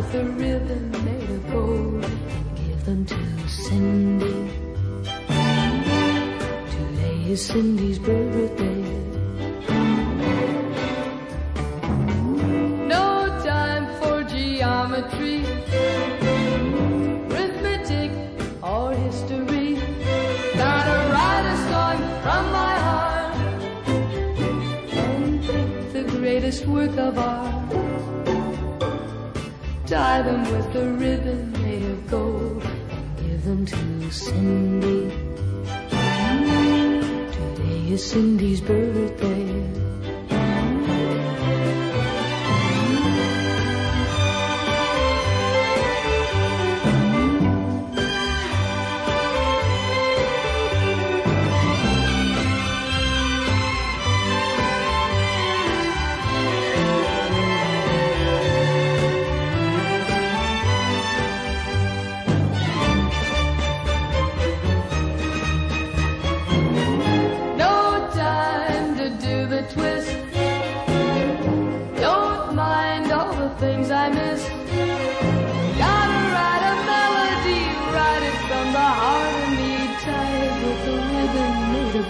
with a ribbon made of gold. Give them to Cindy. Today is Cindy's birthday. No time for geometry, arithmetic, or history. Gotta write a song from my heart and pick the greatest work of art. Tie them with a ribbon made of gold. Give them to Cindy. Mm, today is Cindy's birthday.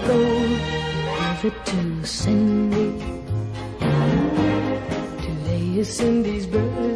go. Give it to Cindy. Today is Cindy's birthday.